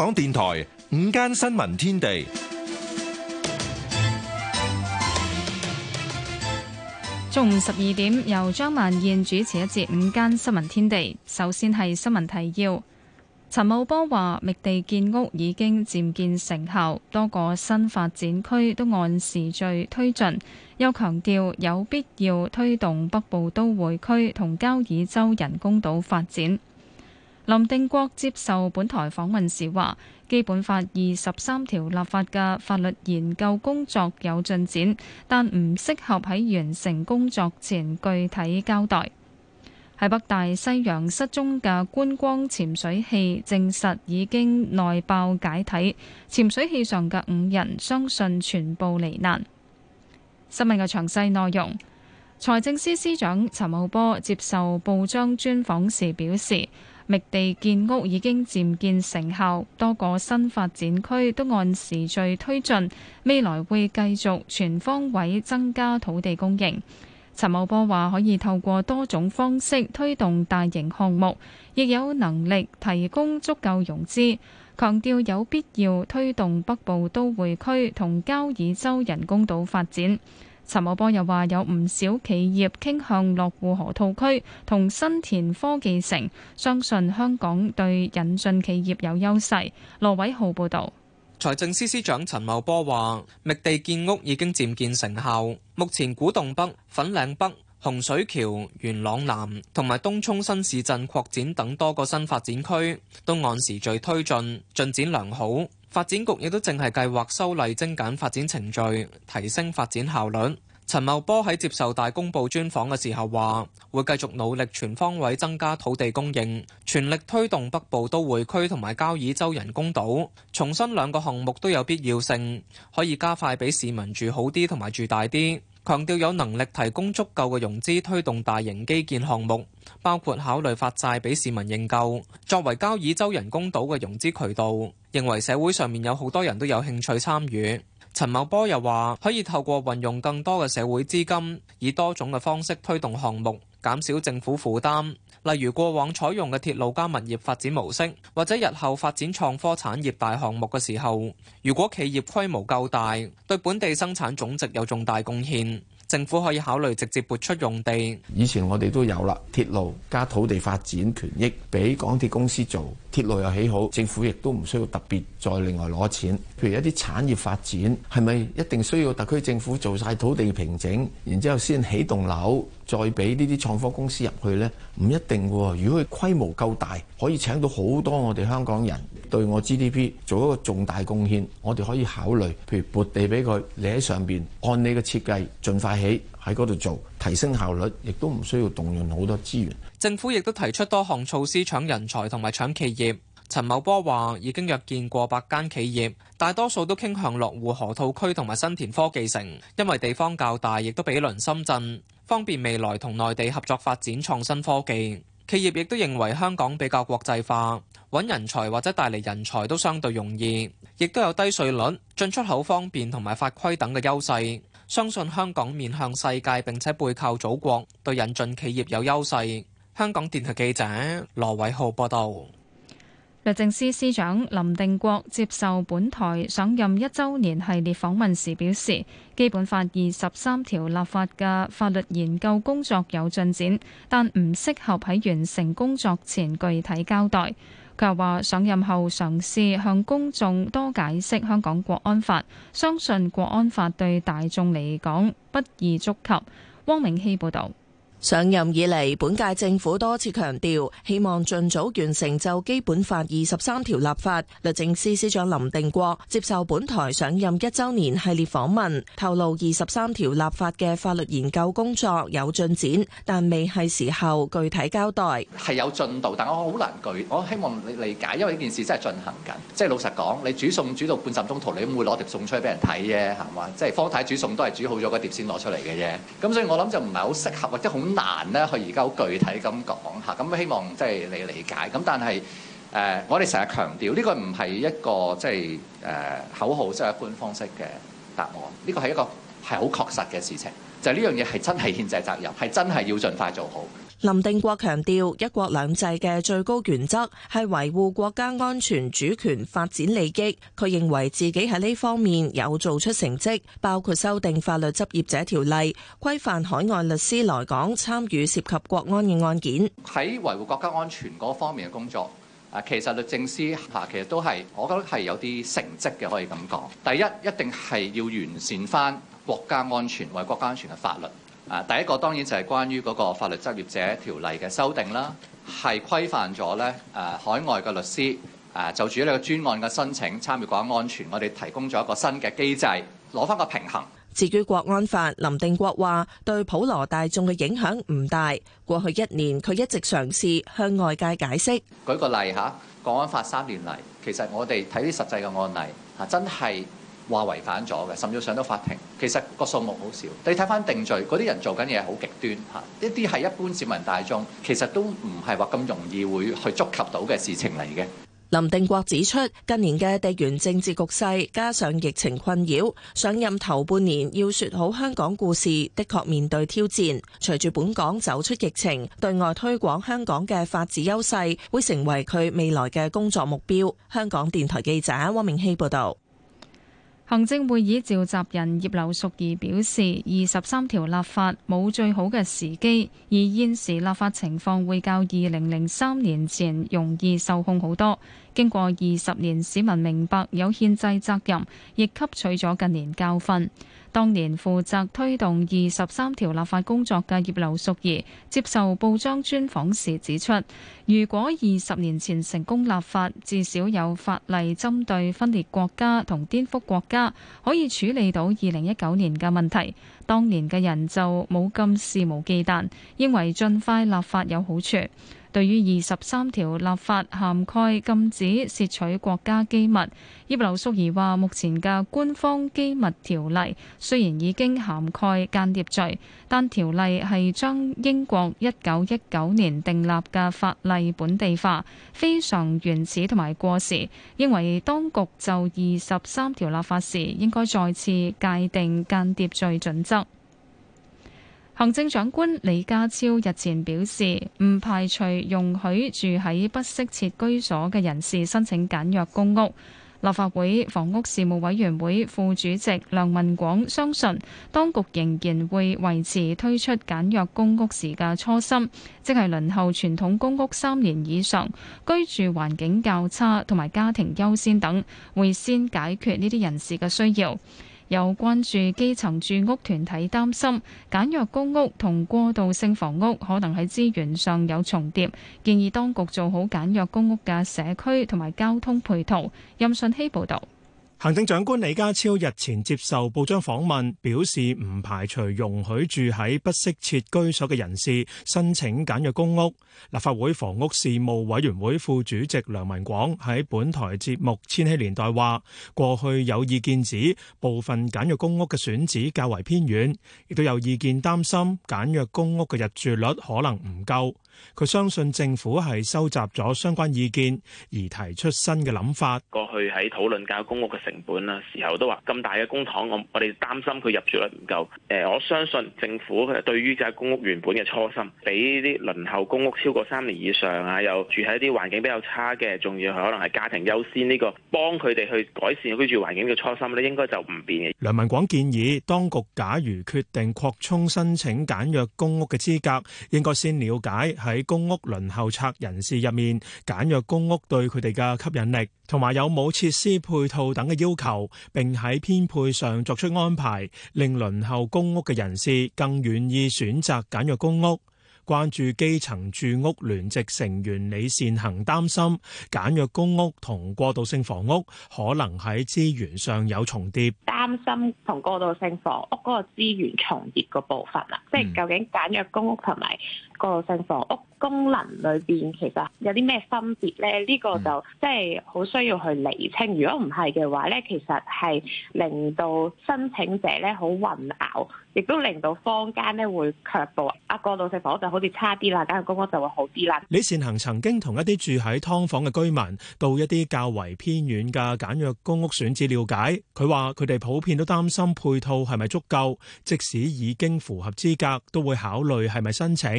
香港電台午間新聞天地，中午十二點由張曼燕主持一節午間新聞天地。首先係新聞提要，陳茂波話覓地建屋已經漸見成效，多個新發展區都按時序推進，又強調有必要推動北部都會區同交椅洲人工島發展。林定國接受本台訪問時話，基本法二十三條立法嘅法律研究工作有進展，但唔適合喺完成工作前具體交代。喺北大西洋失蹤嘅觀光潛水器證實已經內爆解體，潛水器上嘅五人相信全部罹難。新聞嘅詳細內容，財政司司長陳茂波接受報章專訪時表示。密地建屋已經漸見成效，多個新發展區都按時序推進，未來會繼續全方位增加土地供應。陳茂波話：可以透過多種方式推動大型項目，亦有能力提供足夠融資。強調有必要推動北部都會區同交椅洲人工島發展。陳茂波又話：有唔少企業傾向落戶河套區同新田科技城，相信香港對引進企業有優勢。羅偉浩報道。財政司司長陳茂波話，覓地建屋已經漸見成效，目前古洞北、粉嶺北、洪水橋、元朗南同埋東涌新市鎮擴展等多個新發展區都按時序推進，進展良好。發展局亦都淨係計劃修例精簡發展程序，提升發展效率。陳茂波喺接受大公報專訪嘅時候話，會繼續努力全方位增加土地供應，全力推動北部都會區同埋交椅洲人工島，重申兩個項目都有必要性，可以加快俾市民住好啲同埋住大啲。強調有能力提供足夠嘅融資推動大型基建項目，包括考慮發債俾市民認購，作為交椅洲人工島嘅融資渠道。認為社會上面有好多人都有興趣參與。陳茂波又話，可以透過運用更多嘅社會資金，以多種嘅方式推動項目，減少政府負擔。例如過往採用嘅鐵路加物業發展模式，或者日後發展創科產業大項目嘅時候，如果企業規模夠大，對本地生產總值有重大貢獻。政府可以考慮直接撥出用地。以前我哋都有啦，鐵路加土地發展權益俾港鐵公司做，鐵路又起好，政府亦都唔需要特別再另外攞錢。譬如一啲產業發展，係咪一定需要特區政府做晒土地平整，然之後先起棟樓，再俾呢啲創科公司入去呢？唔一定噶，如果佢規模夠大。可以請到好多我哋香港人對我 GDP 做一個重大貢獻，我哋可以考慮，譬如撥地俾佢，你喺上邊按你嘅設計，盡快起喺嗰度做，提升效率，亦都唔需要動用好多資源。政府亦都提出多項措施搶人才同埋搶企業。陳茂波話已經約見過百間企業，大多數都傾向落戶河套區同埋新田科技城，因為地方較大，亦都比鄰深圳，方便未來同內地合作發展創新科技。企業亦都認為香港比較國際化，揾人才或者帶嚟人才都相對容易，亦都有低稅率、進出口方便同埋法規等嘅優勢。相信香港面向世界並且背靠祖國，對引進企業有優勢。香港電台記者羅偉浩報道。律政司司長林定國接受本台上任一周年系列訪問時表示，基本法二十三條立法嘅法律研究工作有進展，但唔適合喺完成工作前具體交代。佢又話，上任後嘗試向公眾多解釋香港國安法，相信國安法對大眾嚟講不宜觸及。汪明希報道。上任以嚟，本屆政府多次強調，希望盡早完成就《基本法》二十三條立法。律政司司長林定國接受本台上任一週年系列訪問，透露二十三條立法嘅法律研究工作有進展，但未係時候具體交代。係有進度，但我好難具，我希望你理解，因為呢件事真係進行緊。即係老實講，你煮餸煮到半陣中途，你唔會攞碟餸出嚟俾人睇啫，係嘛？即係方太煮餸都係煮好咗個碟先攞出嚟嘅啫。咁所以我諗就唔係好適合或者好難咧，佢而家好具體咁講吓，咁希望即係你理解。咁但係誒、呃，我哋成日強調呢、這個唔係一個即係誒、呃、口號，即係一般方式嘅答案。呢、這個係一個係好確實嘅事情，就係呢樣嘢係真係憲制責任，係真係要盡快做好。林定國強調一國兩制嘅最高原則係維護國家安全主權、發展利益。佢認為自己喺呢方面有做出成績，包括修訂法律執業者條例，規範海外律師來港參與涉及國安嘅案件。喺維護國家安全嗰方面嘅工作，啊，其實律政司吓，其實都係我覺得係有啲成績嘅，可以咁講。第一，一定係要完善翻國家安全為國家安全嘅法律。啊，第一個當然就係關於嗰個法律執業者條例嘅修訂啦，係規範咗咧誒海外嘅律師誒、啊、就住呢個專案嘅申請參與國家安全，我哋提供咗一個新嘅機制，攞翻個平衡。至於國安法，林定國話對普羅大眾嘅影響唔大。過去一年，佢一直嘗試向外界解釋。舉個例嚇，國安法三年嚟，其實我哋睇啲實際嘅案例嚇，真係。話違反咗嘅，甚至上到法庭。其實個數目好少。你睇翻定罪嗰啲人做緊嘢，好極端吓，呢啲係一般市民大眾，其實都唔係話咁容易會去觸及到嘅事情嚟嘅。林定國指出，近年嘅地緣政治局勢加上疫情困擾，上任頭半年要説好香港故事，的確面對挑戰。隨住本港走出疫情，對外推廣香港嘅法治優勢，會成為佢未來嘅工作目標。香港電台記者汪明希報導。行政會議召集人葉劉淑儀表示，二十三條立法冇最好嘅時機，而現時立法情況會較二零零三年前容易受控好多。經過二十年，市民明白有憲制責任，亦吸取咗近年教訓。當年負責推動二十三條立法工作嘅葉劉淑儀接受報章專訪時指出，如果二十年前成功立法，至少有法例針對分裂國家同顛覆國家，可以處理到二零一九年嘅問題。當年嘅人就冇咁肆無忌憚，認為盡快立法有好處。對於二十三條立法涵蓋禁止竊取國家機密，葉劉淑儀話：目前嘅官方機密條例雖然已經涵蓋間諜罪，但條例係將英國一九一九年訂立嘅法例本地化，非常原始同埋過時。認為當局就二十三條立法時應該再次界定間諜罪準則。行政長官李家超日前表示，唔排除容許住喺不適切居所嘅人士申請簡約公屋。立法會房屋事務委員會副主席梁文廣相信，當局仍然會維持推出簡約公屋時嘅初心，即係輪候傳統公屋三年以上、居住環境較差同埋家庭優先等，會先解決呢啲人士嘅需要。有關注基層住屋團體擔心簡約公屋同過渡性房屋可能喺資源上有重疊，建議當局做好簡約公屋嘅社區同埋交通配套。任信希報導。行政長官李家超日前接受報章訪問，表示唔排除容許住喺不適切居所嘅人士申請簡約公屋。立法會房屋事務委員會副主席梁文廣喺本台節目《千禧年代》話，過去有意見指部分簡約公屋嘅選址較為偏遠，亦都有意見擔心簡約公屋嘅入住率可能唔夠。佢相信政府係收集咗相關意見而提出新嘅諗法。過去喺討論架公屋嘅成本啊時候，都話咁大嘅公帑，我我哋擔心佢入住率唔夠。誒、呃，我相信政府對於於架公屋原本嘅初心，俾啲輪候公屋超過三年以上啊，又住喺一啲環境比較差嘅，仲要係可能係家庭優先呢、這個幫佢哋去改善居住環境嘅初心咧，應該就唔變嘅。梁文廣建議當局假如決定擴充申請簡約公屋嘅資格，應該先了解。喺公屋輪候冊人士入面，簡約公屋對佢哋嘅吸引力同埋有冇設施配套等嘅要求，並喺編配上作出安排，令輪候公屋嘅人士更願意選擇簡約公屋。關注基層住屋聯席成員李善行擔心簡約公屋同過渡性房屋可能喺資源上有重疊，擔心同過渡性房屋嗰個資源重疊個部分啊，嗯、即係究竟簡約公屋同埋過渡性房屋功能裏邊其實有啲咩分別咧？呢、呢個就即係好需要去釐清。如果唔係嘅話咧，其實係令到申請者咧好混淆，亦都令到坊間咧會卻步。啊，過渡房屋就好似差啲啦，簡約公屋就會好啲啦。李善恒曾經同一啲住喺劏房嘅居民到一啲較為偏遠嘅簡約公屋選址了解，佢話，佢哋普遍都擔心配套係咪足夠，即使已經符合資格，都會考慮係咪申請，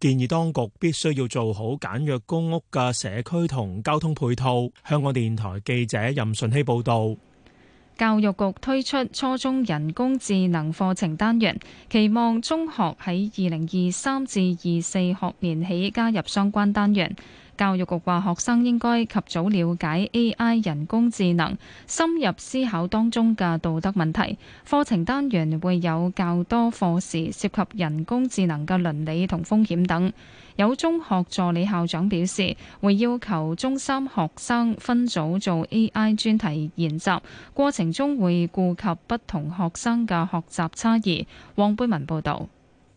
建議當局必須要做好簡約公屋嘅社區同交通配套。香港電台記者任順希報道。教育局推出初中人工智能課程單元，期望中學喺二零二三至二四學年起加入相關單元。教育局話學生應該及早了解 AI 人工智能，深入思考當中嘅道德問題，課程單元會有較多課時涉及人工智能嘅倫理同風險等。有中學助理校長表示，會要求中三學生分組做 AI 專題研習，過程中會顧及不同學生嘅學習差異，黃貝文報道。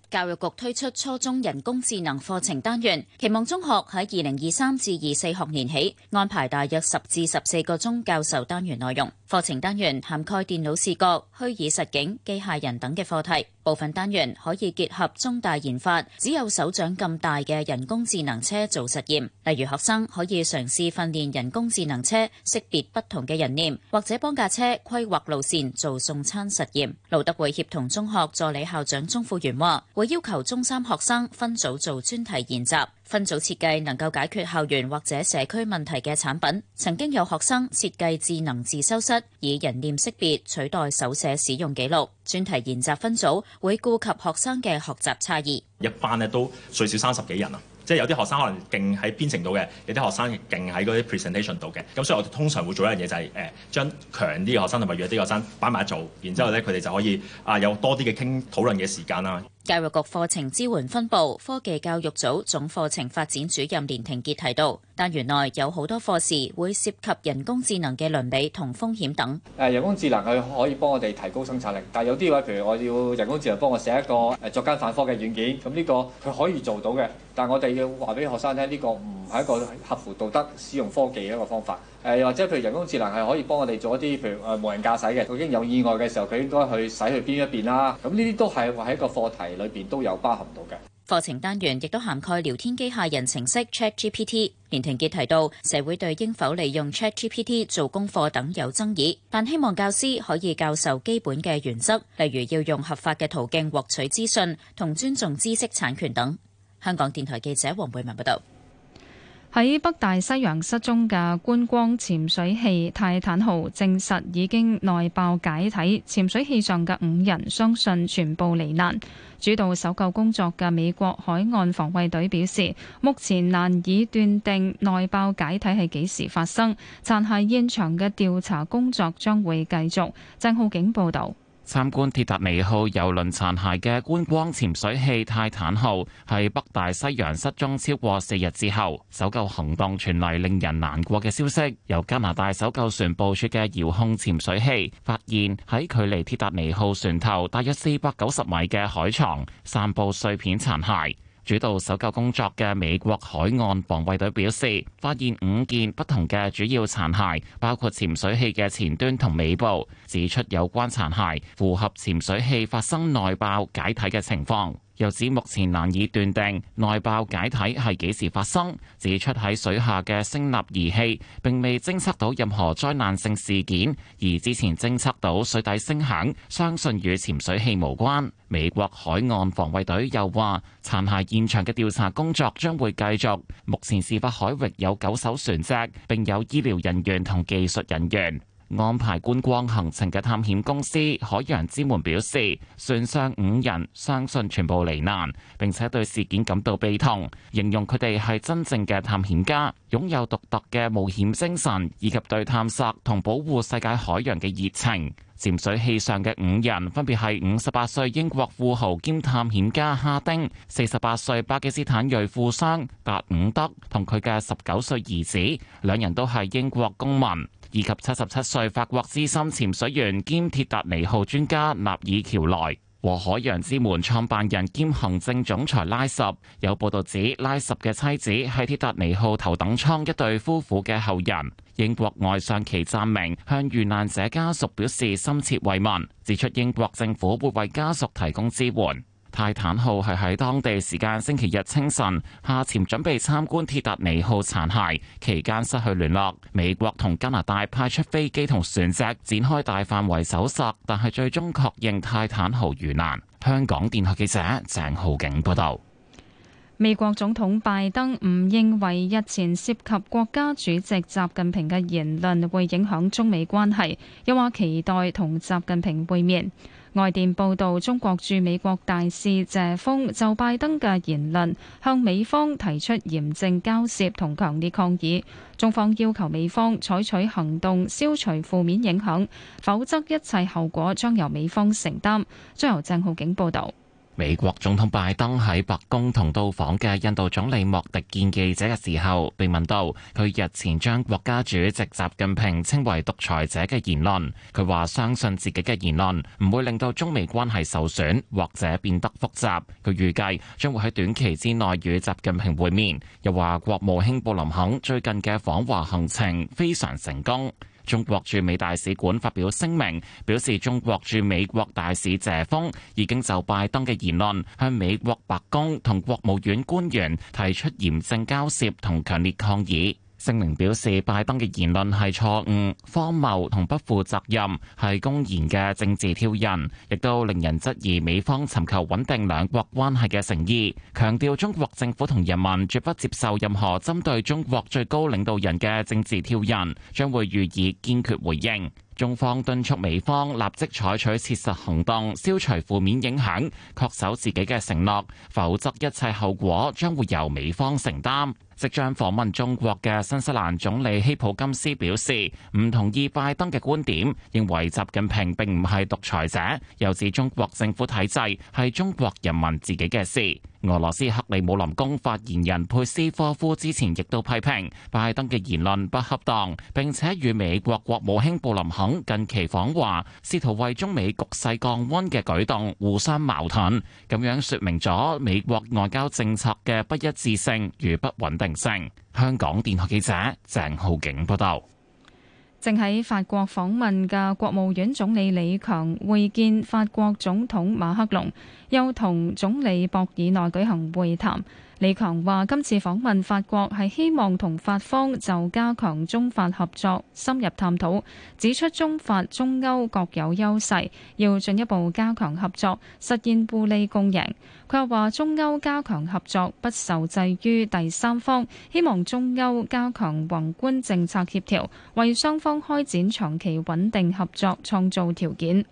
教育局推出初中人工智能課程單元，期望中學喺2023至24學年起，安排大約10至14個鐘教授單元內容。課程單元涵蓋電腦視覺、虛擬實景、機械人等嘅課題。部分單元可以結合中大研發，只有手掌咁大嘅人工智能車做實驗。例如學生，可以嘗試訓練人工智能車識別不同嘅人臉，或者幫架車規劃路線做送餐實驗。路德會協同中學助理校長鍾富源話。會要求中三學生分組做專題研習，分組設計能夠解決校園或者社區問題嘅產品。曾經有學生設計智能自修室，以人臉識別取代手寫使用記錄。專題研習分組會顧及學生嘅學習差異，一班咧都最少三十幾人啊，即係有啲學生可能勁喺編程度嘅，有啲學生勁喺嗰啲 presentation 度嘅，咁所以我哋通常會做一樣嘢就係誒將強啲嘅學生同埋弱啲嘅學生擺埋一組，然之後咧佢哋就可以啊有多啲嘅傾討論嘅時間啦。教育局課程支援分部科技教育組總課程發展主任連庭傑提到，但原來有好多課時會涉及人工智能嘅倫理同風險等。誒人工智能佢可以幫我哋提高生產力，但有啲嘅話，譬如我要人工智能幫我寫一個誒作奸犯科嘅軟件，咁呢個佢可以做到嘅，但我哋要話俾學生聽，呢個唔。係一個合乎道德使用科技嘅一個方法。誒，又或者譬如人工智能係可以幫我哋做一啲譬如誒無人駕駛嘅，佢已經有意外嘅時候，佢應該去駛去邊一邊啦。咁呢啲都係喺一個課題裏邊都有包含到嘅課程單元，亦都涵蓋聊天機械人程式 Chat GPT。連庭傑提到，社會對應否利用 Chat GPT 做功課等有爭議，但希望教師可以教授基本嘅原則，例如要用合法嘅途徑獲取資訊同尊重知識產權等。香港電台記者黃貝文報道。喺北大西洋失蹤嘅觀光潛水器泰坦號證實已經內爆解體，潛水器上嘅五人相信全部罹難。主導搜救工作嘅美國海岸防衛隊表示，目前難以斷定內爆解體係幾時發生，但係現場嘅調查工作將會繼續。鄭浩景報道。參觀鐵達尼號郵輪殘骸嘅觀光潛水器泰坦號，喺北大西洋失蹤超過四日之後，搜救行動傳嚟令人難過嘅消息，由加拿大搜救船部署嘅遙控潛水器發現喺距離鐵達尼號船頭大約四百九十米嘅海床散布碎片殘骸。主導搜救工作嘅美國海岸防衛隊表示，發現五件不同嘅主要殘骸，包括潛水器嘅前端同尾部，指出有關殘骸符合潛水器發生內爆解體嘅情況。又指目前難以斷定內爆解體係幾時發生，指出喺水下嘅聲納儀器並未偵測到任何災難性事件，而之前偵測到水底聲響，相信與潛水器無關。美國海岸防衛隊又話，殘骸現場嘅調查工作將會繼續。目前事發海域有九艘船隻，並有醫療人員同技術人員。安排觀光行程嘅探險公司海洋之門表示，船上五人相信全部罹難，並且對事件感到悲痛，形容佢哋係真正嘅探險家，擁有獨特嘅冒險精神以及對探索同保護世界海洋嘅熱情。潛水器上嘅五人分別係五十八歲英國富豪兼探險家哈丁、四十八歲巴基斯坦裔富商達伍德同佢嘅十九歲兒子，兩人都係英國公民。以及七十七歲法國資深潛水員兼鐵達尼號專家納爾喬萊和海洋之門創辦人兼行政總裁拉什，有報道指拉什嘅妻子係鐵達尼號頭等艙一對夫婦嘅後人。英國外相祁湛明向遇難者家屬表示深切慰問，指出英國政府會為家屬提供支援。泰坦號係喺當地時間星期日清晨下潛準備參觀鐵達尼號殘骸期間失去聯絡，美國同加拿大派出飛機同船隻展開大範圍搜索，但係最終確認泰坦號遇難。香港電台記者鄭浩景報道。美國總統拜登唔認為日前涉及國家主席習近平嘅言論會影響中美關係，又話期待同習近平會面。外電報道，中國駐美國大使謝鋒就拜登嘅言論向美方提出嚴正交涉同強烈抗議，中方要求美方採取行動消除負面影響，否則一切後果將由美方承擔。將由鄭浩景報道。美國總統拜登喺白宮同到訪嘅印度總理莫迪見記者嘅時候，被問到佢日前將國家主席習近平稱為獨裁者嘅言論，佢話相信自己嘅言論唔會令到中美關係受損或者變得複雜。佢預計將會喺短期之內與習近平會面，又話國務卿布林肯最近嘅訪華行程非常成功。中國駐美大使館發表聲明，表示中國駐美國大使謝鋒已經就拜登嘅言論向美國白宮同國務院官員提出嚴正交涉同強烈抗議。聲明表示，拜登嘅言論係錯誤、荒謬同不負責任，係公然嘅政治挑釁，亦都令人質疑美方尋求穩定兩國關係嘅誠意。強調中國政府同人民絕不接受任何針對中國最高領導人嘅政治挑釁，將會予以堅決回應。中方敦促美方立即採取切實行動，消除負面影響，恪守自己嘅承諾，否則一切後果將會由美方承擔。即將訪問中國嘅新西蘭總理希普金斯表示唔同意拜登嘅觀點，認為習近平並唔係獨裁者，又指中國政府體制係中國人民自己嘅事。俄羅斯克里姆林宮發言人佩斯科夫之前亦都批評拜登嘅言論不恰當，並且與美國國務卿布林肯近期訪華，試圖為中美局勢降温嘅舉動互相矛盾，咁樣說明咗美國外交政策嘅不一致性與不穩定。形成香港電台記者鄭浩景報道，正喺法國訪問嘅國務院總理李強會見法國總統馬克龍，又同總理博爾內舉行會談。李強話：今次訪問法國係希望同法方就加強中法合作深入探討，指出中法、中歐各有優勢，要進一步加強合作，實現互利共贏。佢又話：中歐加強合作不受制於第三方，希望中歐加強宏觀政策協調，為雙方開展長期穩定合作創造條件。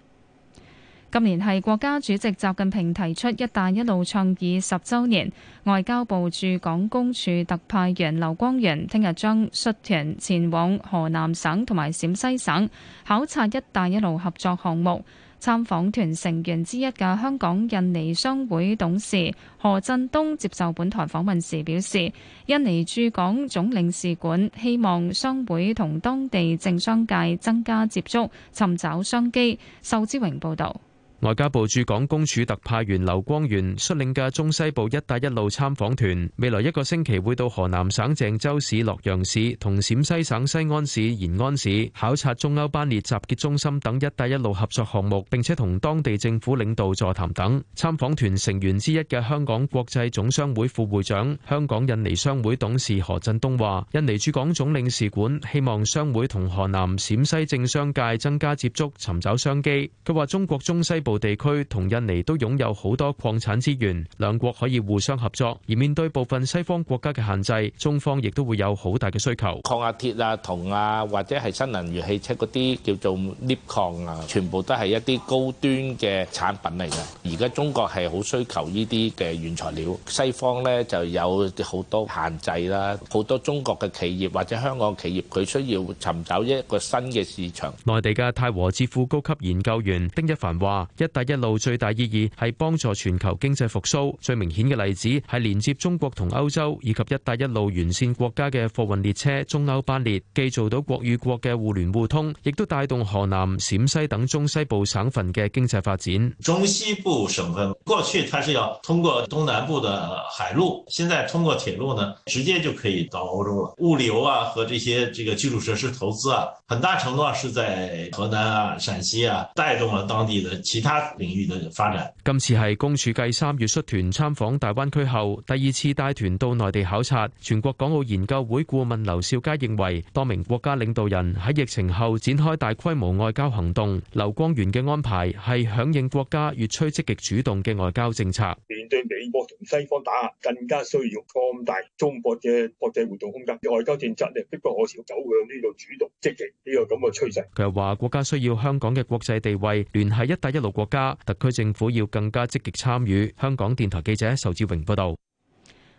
今年係國家主席習近平提出“一帶一路”倡議十週年，外交部駐港公署特派員劉光源聽日將率團前往河南省同埋陝西省考察“一帶一路”合作項目。參訪團成員之一嘅香港印尼商會董事何振東接受本台訪問時表示，印尼駐港總領事館希望商會同當地政商界增加接觸，尋找商機。仇之榮報導。外交部駐港公署特派員劉光源率領嘅中西部“一帶一路”參訪團，未來一個星期會到河南省鄭州市、洛陽市同陝西省西安市、延安市考察中歐班列集結中心等“一帶一路”合作項目，並且同當地政府領導座談等。參訪團成員之一嘅香港國際總商會副會長、香港印尼商會董事何振東話：印尼駐港總領事館希望商會同河南、陝西政商界增加接觸，尋找商機。佢話中國中西部地區同印尼都擁有好多礦產資源，兩國可以互相合作。而面對部分西方國家嘅限制，中方亦都會有好大嘅需求。鉬啊、鐵啊、銅啊，或者係新能源汽車嗰啲叫做鉛礦啊，全部都係一啲高端嘅產品嚟嘅。而家中國係好需求呢啲嘅原材料，西方咧就有好多限制啦。好多中國嘅企業或者香港企業佢需要尋找一個新嘅市場。內地嘅太和智庫高級研究員丁一凡話。一帶一路最大意義係幫助全球經濟復甦，最明顯嘅例子係連接中國同歐洲以及一帶一路沿線國家嘅貨運列車中歐班列，既做到國與國嘅互聯互通，亦都帶動河南、陝西等中西部省份嘅經濟發展。中西部省份過去它是要通過東南部的海路，現在通過鐵路呢，直接就可以到歐洲了。物流啊和這些這個基礎設施投資啊，很大程度上是在河南啊、陝西啊，帶動了當地的。其他領域度就翻啦。今次係公署繼三月率團參訪大灣區後第二次帶團到內地考察。全國港澳研究會顧問劉少佳認為，多名國家領導人喺疫情後展開大規模外交行動，劉光源嘅安排係響應國家越趨積極主動嘅外交政策。面對美國同西方打壓，更加需要擴大中國嘅國際活動空間，外交政策呢迫不我少走向呢個主動積極呢個咁嘅趨勢。佢又話：國家需要香港嘅國際地位，聯繫一帶一路。國家特區政府要更加積極參與。香港電台記者仇志榮報道。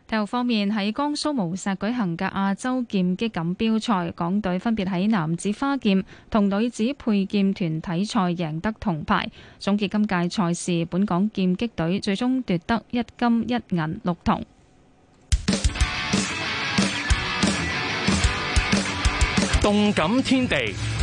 體育方面，喺江蘇無錫舉行嘅亞洲劍擊錦標賽，港隊分別喺男子花劍同女子佩劍團體賽贏得銅牌。總結今屆賽事，本港劍擊隊最終奪得一金一銀六銅。動感天地。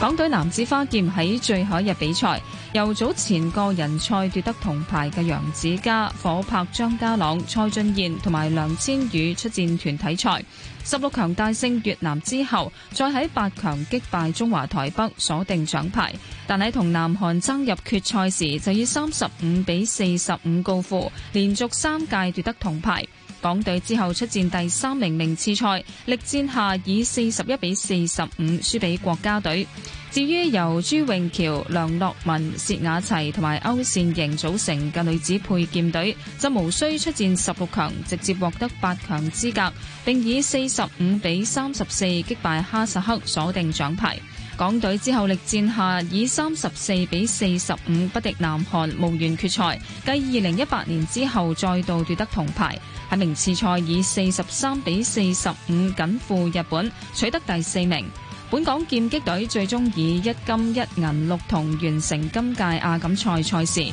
港隊男子花劍喺最後一日比賽，由早前個人賽奪得銅牌嘅楊子嘉，伙拍張家朗、蔡俊彥同埋梁千羽出戰團體賽，十六強大勝越南之後，再喺八強擊敗中華台北，鎖定獎牌。但喺同南韓爭入決賽時，就以三十五比四十五告負，連續三屆奪得銅牌。港隊之後出戰第三名名次賽，力戰下以四十一比四十五輸俾國家隊。至於由朱永喬、梁樂文、薛雅齊同埋歐善瑩組成嘅女子佩劍隊，就無需出戰十六強，直接獲得八強資格，並以四十五比三十四擊敗哈薩克，鎖定獎牌。港隊之後力戰下以三十四比四十五不敵南韓，無緣決賽，繼二零一八年之後再度奪得銅牌。喺名次賽以四十三比四十五僅負日本，取得第四名。本港劍擊隊最終以一金一銀六銅完成今屆亞錦賽賽事。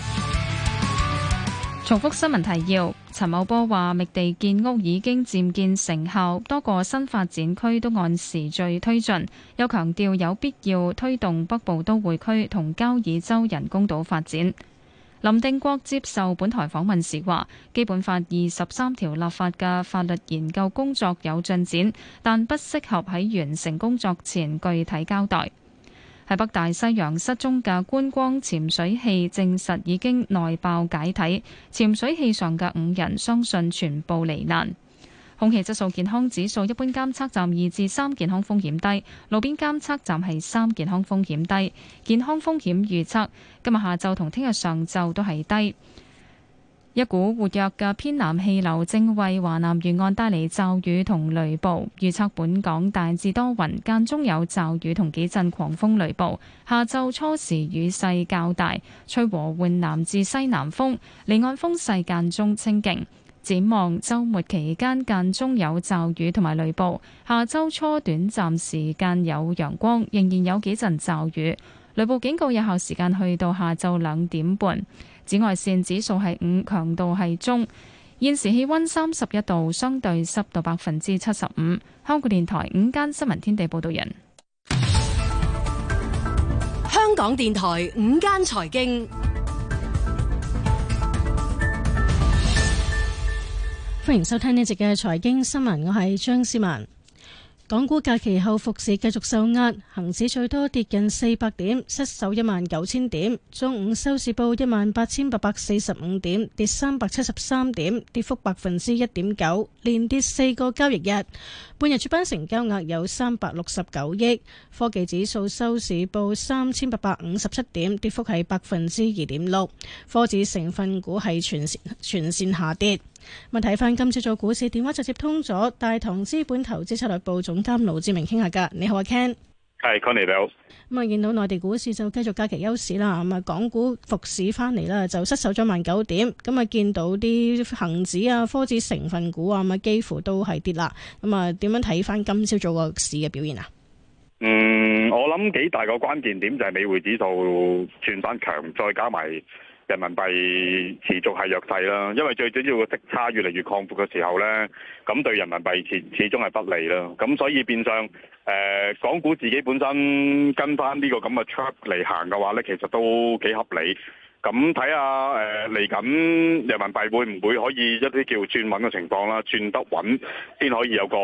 重複新聞提要：陳茂波話，覓地建屋已經漸見成效，多個新發展區都按時序推進，又強調有必要推動北部都會區同交椅洲人工島發展。林定國接受本台訪問時話，基本法二十三條立法嘅法律研究工作有進展，但不適合喺完成工作前具體交代。喺北大西洋失蹤嘅觀光潛水器證實已經內爆解體，潛水器上嘅五人相信全部罹難。空氣質素健康指數一般監測站，二至三，健康風險低，路邊監測站係三，健康風險低。健康風險預測今日下晝同聽日上晝都係低。一股活躍嘅偏南氣流正為華南沿岸帶嚟驟雨同雷暴，預測本港大致多雲，間中有驟雨同幾陣狂風雷暴。下晝初時雨勢較大，吹和緩南至西南風，離岸風勢間中清勁。展望周末期間間中有驟雨同埋雷暴，下周初短暫時間有陽光，仍然有幾陣驟雨。雷暴警告有效時間去到下晝兩點半。紫外線指數係五，強度係中。現時氣溫三十一度，相對濕度百分之七十五。香港電台午間新聞天地報道人，香港電台午間財經。歡迎收聽呢節嘅財經新聞，我係張思文。港股假期後復市繼續受壓，恒指最多跌近四百點，失守一萬九千點。中午收市報一萬八千八百四十五點，跌三百七十三點，跌幅百分之一點九，連跌四個交易日。半日主板成交額有三百六十九億。科技指數收市報三千八百五十七點，跌幅係百分之二點六。科指成分股係全線全線下跌。咁啊，睇翻今朝早股市，電話就接通咗大同資本投資策略部總監盧志明傾下噶。你好，阿 Ken。係，Conny，你好。咁啊，Hi, Connie, 見到內地股市就繼續假期休市啦。咁啊，港股復市翻嚟啦，就失守咗萬九點。咁啊，見到啲恒指啊、科指成分股啊，咁啊，幾乎都係跌啦。咁啊，點樣睇翻今朝早個市嘅表現啊？嗯，我諗幾大個關鍵點就係美匯指數轉翻強，再加埋。人民幣持續係弱勢啦，因為最主要嘅息差越嚟越擴闊嘅時候呢，咁對人民幣始始終係不利啦。咁所以變相誒、呃，港股自己本身跟翻呢個咁嘅 track 嚟行嘅話呢，其實都幾合理。咁睇下，呃，誒嚟緊人民幣會唔會可以一啲叫轉穩嘅情況啦，轉得穩先可以有個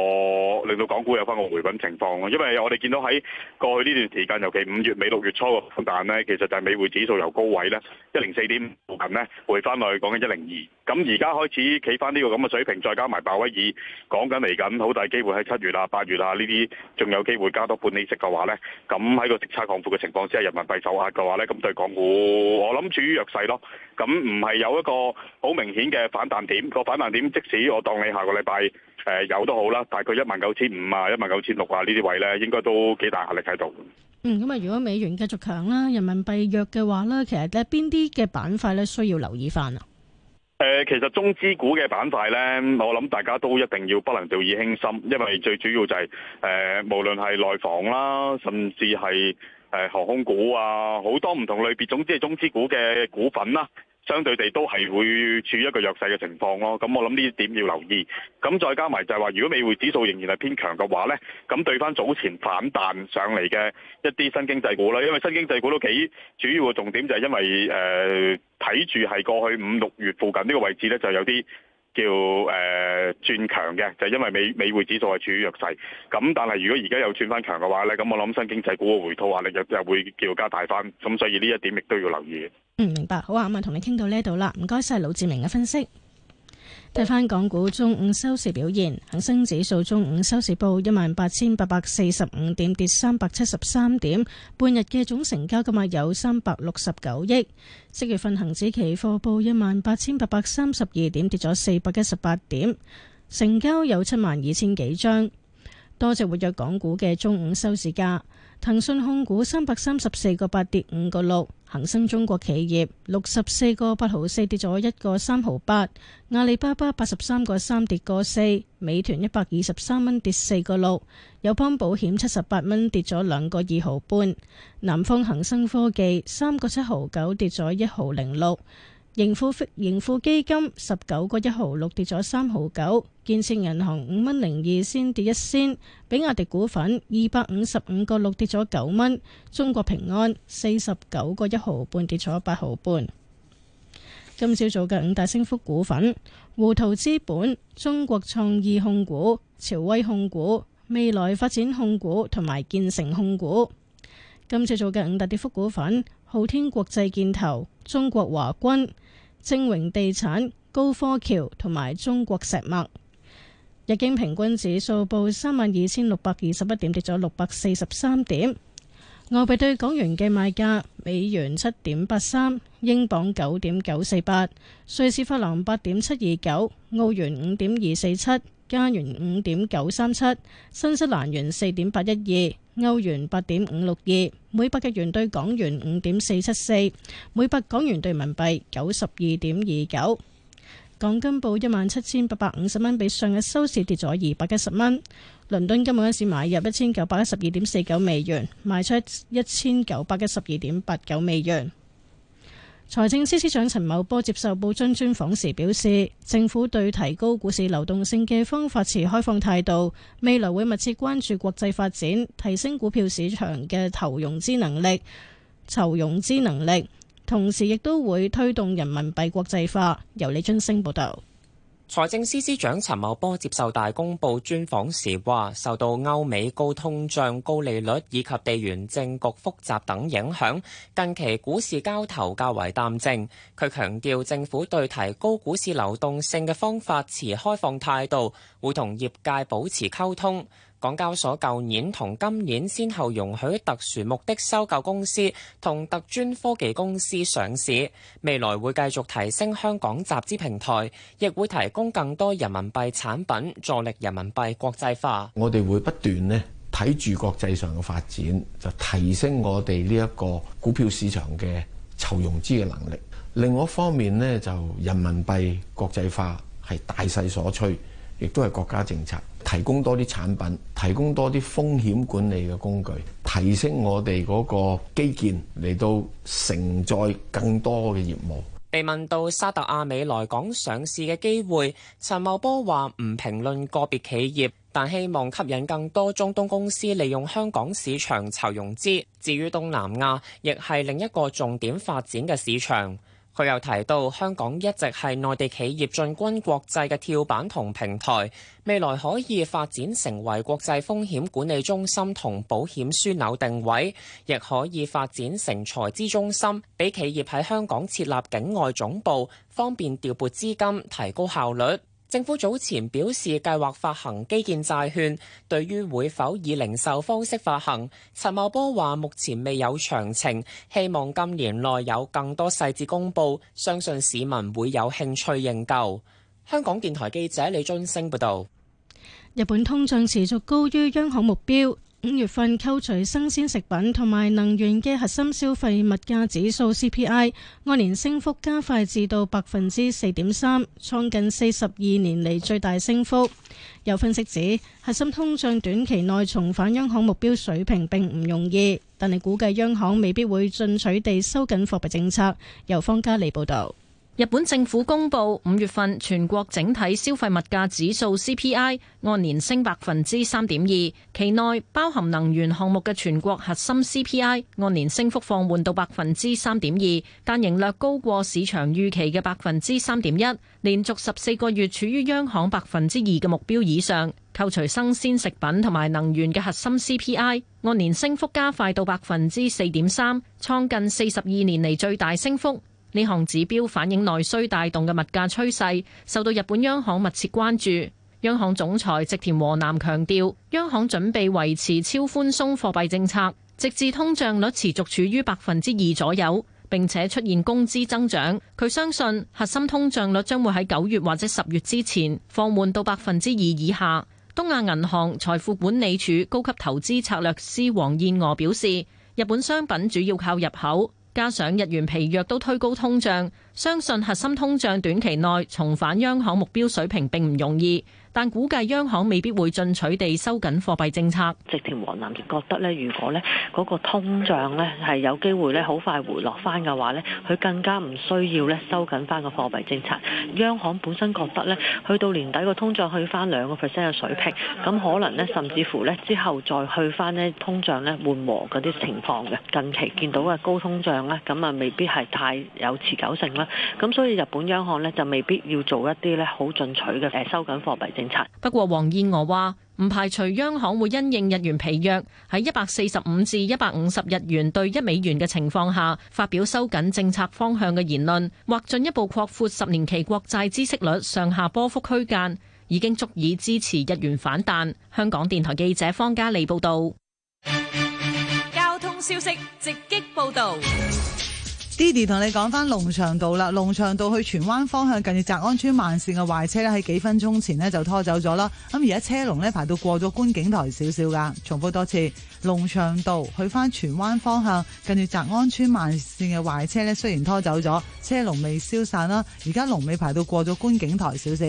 令到港股有翻個回穩情況咯。因為我哋見到喺過去呢段時間，尤其五月尾六月初嘅反彈呢，其實就係美匯指數由高位呢，一零四點附近呢，回翻去講緊一零二。咁而家開始企翻呢個咁嘅水平，再加埋鮑威爾講緊嚟緊好大機會喺七月啊、八月啊呢啲仲有機會加多半厘息嘅話呢。咁喺個息差降幅嘅情況之下，人民幣走壓嘅話呢，咁對港股我諗住。弱勢咯，咁唔係有一個好明顯嘅反彈點，個反彈點即使我當你下個禮拜誒有都好啦，大概一萬九千五啊，一萬九千六啊，呢啲位咧應該都幾大壓力喺度。嗯，咁啊，如果美元繼續強啦，人民幣弱嘅話咧，其實咧邊啲嘅板塊咧需要留意返啊？誒、呃，其實中資股嘅板塊咧，我諗大家都一定要不能掉以輕心，因為最主要就係、是、誒、呃，無論係內房啦，甚至係。誒航空股啊，好多唔同類別，總之係中資股嘅股份啦，啊，相對地都係會處於一個弱勢嘅情況咯。咁我諗呢點要留意。咁再加埋就係話，如果美匯指數仍然係偏強嘅話咧，咁對翻早前反彈上嚟嘅一啲新經濟股啦，因為新經濟股都幾主要嘅重點就係因為誒睇住係過去五六月附近呢個位置咧，就有啲。叫誒、呃、轉強嘅，就係因為美美匯指數係處於弱勢，咁但係如果而家又轉翻強嘅話咧，咁我諗新經濟股嘅回吐壓力又又會叫加大翻，咁所以呢一點亦都要留意。嗯，明白。好啊，咁啊，同你傾到呢度啦，唔該晒，盧志明嘅分析。睇返港股中午收市表現，恒生指數中午收市報一萬八千八百四十五點，跌三百七十三點，半日嘅總成交金額有三百六十九億。即月份恒指期貨報一萬八千八百三十二點，跌咗四百一十八點，成交有七萬二千幾張。多隻活躍港股嘅中午收市價。騰訊控股三百三十四個八跌五個六，恒生中國企業六十四個八毫四跌咗一個三毫八，阿里巴巴八十三個三跌個四，美團一百二十三蚊跌四個六，友邦保險七十八蚊跌咗兩個二毫半，南方恒生科技三個七毫九跌咗一毫零六。盈富盈富基金十九個一毫六跌咗三毫九，建設銀行五蚊零二先跌一仙，比亞迪股份二百五十五個六跌咗九蚊，中國平安四十九個一毫半跌咗八毫半。今朝早嘅五大升幅股份：胡桃資本、中國創意控股、朝威控股、未來發展控股同埋建成控股。今朝早嘅五大跌幅股份。浩天國際建投、中國華軍、正榮地產、高科橋同埋中國石墨。日經平均指數報三萬二千六百二十一點，跌咗六百四十三點。外幣兌港元嘅賣價：美元七點八三，英鎊九點九四八，瑞士法郎八點七二九，澳元五點二四七，加元五點九三七，新西蘭元四點八一二。歐元八點五六二，每百日元兌港元五點四七四，每百港元兌人民幣九十二點二九。港金報一萬七千八百五十蚊，比上日收市跌咗二百一十蚊。倫敦金本市買入一千九百一十二點四九美元，賣出一千九百一十二點八九美元。財政司司長陳茂波接受《報章》專訪時表示，政府對提高股市流動性嘅方法持開放態度，未來會密切關注國際發展，提升股票市場嘅投融資能力、籌融資能力，同時亦都會推動人民幣國際化。由李津升報導。財政司司長陳茂波接受大公報專訪時話：受到歐美高通脹、高利率以及地緣政局複雜等影響，近期股市交投較為淡靜。佢強調，政府對提高股市流動性嘅方法持開放態度，會同業界保持溝通。港交所舊年同今年先後容許特殊目的收購公司同特專科技公司上市，未來會繼續提升香港集資平台，亦會提供更多人民幣產品，助力人民幣國際化。我哋會不斷呢睇住國際上嘅發展，就提升我哋呢一個股票市場嘅籌融資嘅能力。另外一方面呢就人民幣國際化係大勢所趨。亦都係國家政策，提供多啲產品，提供多啲風險管理嘅工具，提升我哋嗰個基建嚟到承載更多嘅業務。被問到沙特阿美來港上市嘅機會，陳茂波話唔評論個別企業，但希望吸引更多中東公司利用香港市場籌融資。至於東南亞，亦係另一個重點發展嘅市場。佢又提到，香港一直係內地企業進軍國際嘅跳板同平台，未來可以發展成為國際風險管理中心同保險樞紐定位，亦可以發展成財資中心，俾企業喺香港設立境外總部，方便調撥資金，提高效率。政府早前表示計劃發行基建債券，對於會否以零售方式發行，陳茂波話目前未有詳情，希望今年內有更多細節公布，相信市民會有興趣認購。香港電台記者李津星報道。日本通脹持續高於央行目標。五月份扣除生鮮食品同埋能源嘅核心消費物價指數 CPI，按年升幅加快至到百分之四點三，創近四十二年嚟最大升幅。有分析指，核心通脹短期內重返央行目標水平並唔容易，但係估計央行未必會進取地收緊貨幣政策。由方嘉利報道。日本政府公布五月份全國整體消費物價指數 CPI 按年升百分之三點二，期內包含能源項目嘅全國核心 CPI 按年升幅放緩到百分之三點二，但仍略高過市場預期嘅百分之三點一，連續十四個月處於央行百分之二嘅目標以上。扣除生鮮食品同埋能源嘅核心 CPI 按年升幅加快到百分之四點三，創近四十二年嚟最大升幅。呢項指標反映內需帶動嘅物價趨勢，受到日本央行密切關注。央行總裁植田和男強調，央行準備維持超寬鬆貨幣政策，直至通脹率持續處於百分之二左右，並且出現工資增長。佢相信核心通脹率將會喺九月或者十月之前放緩到百分之二以下。東亞銀行財富管理處高級投資策略師王燕娥表示，日本商品主要靠入口。加上日元疲弱都推高通脹，相信核心通脹短期內重返央行目標水平並唔容易。但估計央行未必會進取地收緊貨幣政策。植田和男亦覺得呢，如果呢嗰個通脹呢係有機會呢好快回落翻嘅話呢，佢更加唔需要呢收緊翻個貨幣政策。央行本身覺得呢去到年底個通脹去翻兩個 percent 嘅水平，咁可能呢甚至乎呢之後再去翻呢通脹呢緩和嗰啲情況嘅。近期見到嘅高通脹呢咁，啊未必係太有持久性啦。咁所以日本央行呢就未必要做一啲呢好進取嘅誒收緊貨幣政策。不過，黃燕娥話唔排除央行會因應日元疲弱，喺一百四十五至一百五十日元兌一美元嘅情況下，發表收緊政策方向嘅言論，或進一步擴闊十年期國債孳息率上下波幅區間，已經足以支持日元反彈。香港電台記者方嘉利報道。交通消息直擊報道。Didi 同你講翻龍翔道啦，龍翔道去荃灣方向近住澤安村慢線嘅壞車咧，喺幾分鐘前咧就拖走咗啦。咁而家車龍咧排到過咗觀景台少少㗎。重複多次，龍翔道去翻荃灣方向近住澤安村慢線嘅壞車咧，雖然拖走咗，車龍未消散啦。而家龍尾排到過咗觀景台少少。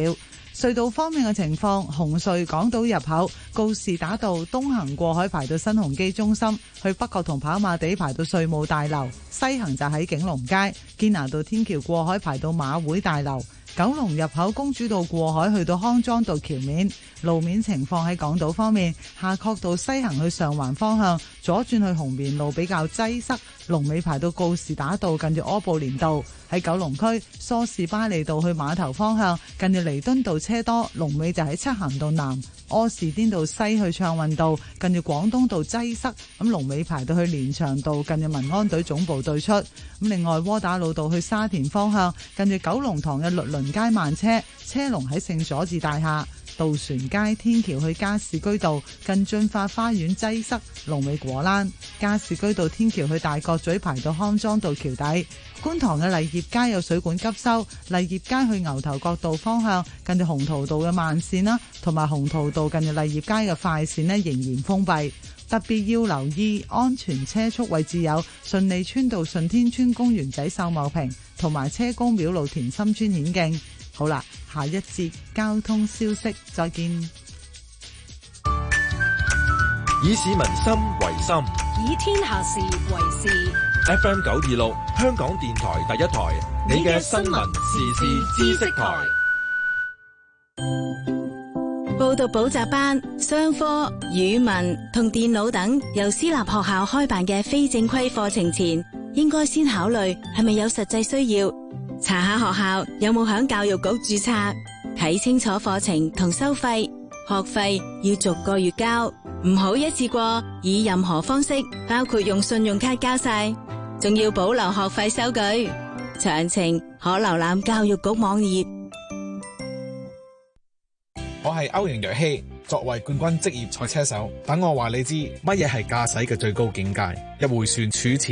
隧道方面嘅情況，紅隧港島入口告士打道東行過海排到新鴻基中心，去北角同跑馬地排到稅務大樓；西行就喺景隆街堅拿道天橋過海排到馬會大樓。九龍入口公主道過海去到康莊道橋面。路面情況喺港島方面，夏慤道西行去上環方向，左轉去紅棉路比較擠塞，龍尾排到告士打道近住柯布連道；喺九龍區梳士巴利道去碼頭方向，近住彌敦道車多，龍尾就喺漆咸道南柯士甸道西去暢運道，近住廣東道擠塞，咁龍尾排到去連翔道近住民安隊總部對出。咁另外窩打老道去沙田方向，近住九龍塘嘅律沿街慢車，車龍喺聖佐治大廈。渡船街天橋去加士居道，近駿發花園擠塞，龍尾果欄；加士居道天橋去大角咀排到康莊道橋底。觀塘嘅麗業街有水管急修，麗業街去牛頭角道方向，近住鴻圖道嘅慢綫啦，同埋鴻圖道近住麗業街嘅快綫呢，仍然封閉。特別要留意安全車速位置有順利村道順天村公園仔秀茂坪，同埋車公廟路田心村眼鏡。好啦，下一節交通消息再見。以市民心為心，以天下事為事。FM 九二六，香港電台第一台，你嘅新聞，新聞時事知識台。報讀補習班，商科語文同電腦等由私立學校開辦嘅非正規課程前，應該先考慮係咪有實際需要。查下學校有冇響教育局註冊，睇清楚課程同收費，學費要逐個月交，唔好一次過以任何方式，包括用信用卡交晒，仲要保留學費收據。詳情可瀏覽教育局網頁。我係歐陽若希，作為冠軍職業賽車手，等我話你知乜嘢係駕駛嘅最高境界。一回旋，儲錢。